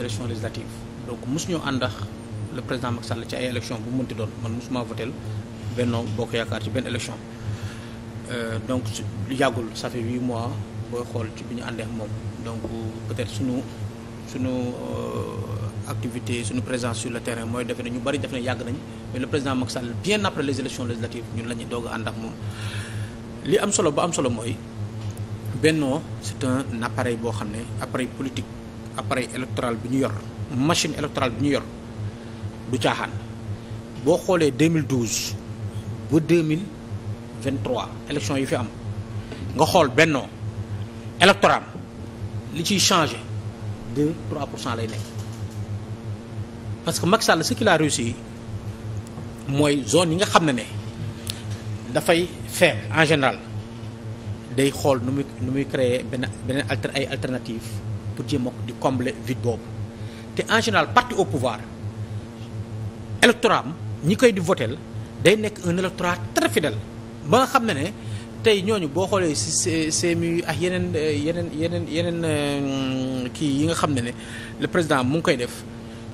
élection législative donc mosuñoo ànd ak le président Macky Sall ci ay élection bu mënti doon man mosuma votel Benno Bokk Yaakaar ci benn élection euh, donc lu yàggul ça fait huit mois booy xool ci bi ñu àndee moom donc peut-être suñu suñu euh, activité suñu présence sur le terrain mooy defe ne ñu bari defe ne yàgg nañ mais le président Macky Sall bien après les élections législatives ñun la ñuy a ànd ak moom li am solo ba am solo mooy Benno c'est un appareil boo xam ne appareil politique appareil électoral bi ñu yor machine électorale bi ñu yor du caaxaan boo xoolee 2012 ba 2023 élection yi fi am nga xool bennoo électoral li ciy changé 2 3 pour lay nekk parce que Macky Sall ce qu'il réussi mooy zone yi nga xam ne ne dafay faible en général day xool nu muy nu muy créer benn beneen alter ay alternative pour jéem a di combler vide boobu te en général parti au pouvoir électorat am ñi koy di votel day nekk un électorat très fidèle ba nga xam ne ne tey ñooñu boo xoolee si CMU ak eh, yeneen yeneen yeneen yeneen eh, kii yi nga xam ne ne le président mu ngi koy def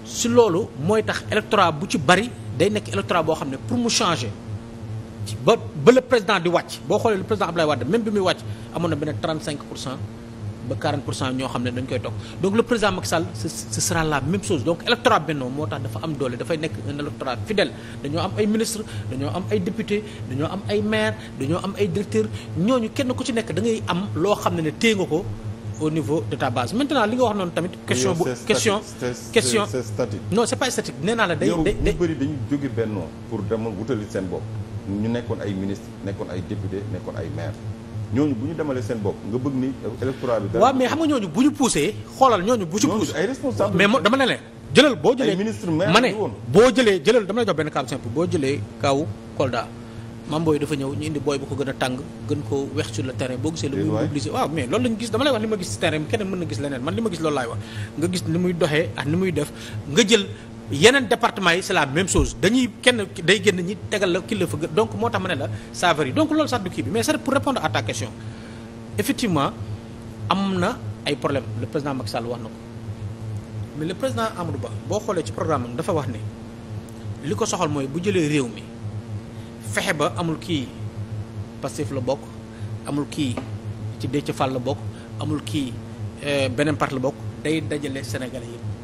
si loolu mooy tax électorat bu ci bari day nekk électorat boo xam ne pour mu changer ba ba le président di wàcc boo xoolee le président Abdoulaye Wade même bi muy wàcc amoon na benn 35 pour cent ba 40 pour cent ñoo xam ne dañ koy toog donc le président Macky Sall ce sera la même chose donc électorat Benno moo tax dafa am doole dafay nekk un électorat fidèle dañoo am ay ministre dañoo am ay député dañoo am ay maire dañoo am ay directeur ñooñu kenn ku ci nekk da ngay am loo xam ne ne téye ko au niveau de ta base maintenant li nga wax noonu tamit. question bu question question non c'est pas statique nee naa la day day ñu bëri dañu jóge seen bopp ñu nekkoon ay ministre nekkoon ay député nekkoon ay maire ñooñu bu ñu demalee seen bopp nga bëgg ni électorat bi. waaw mais xam nga ñooñu bu ñu poussé xoolal ñooñu bu ci poussé ay responsable mais dama ne leen jëlal boo jëlee ministre ma ne boo jëlee jëlal dama lay jox benn cas simple boo jëlee kaw Kolda mam booy dafa ñëw ñu indi booy bu ko gën a tàng gën ko wex sur le terrain boo gisee la muy mobiliser waaw mais loolu lañu gis dama lay wax li ma gis ci terrain bi keneen mën na gis leneen man li ma gis loolu wax nga gis ni muy doxee ak ni muy def nga jël yeneen département yi c'est la même chose dañuy kenn day génn ñi tegal la ki la fa donc moo tax ma ne la ça donc loolu sax du kii bi mais c'est pour répondre à effectivement am na ay problème le président Macky Sall wax na ko mais le président Amadou Ba boo xoolee ci programme am dafa wax ne li ko soxal mooy bu jëlee réew mi fexe ba amul kii Pastef la bokk amul kii ci Déthié Fall la bokk amul kii euh, beneen parti la bokk day dajale Sénégalais y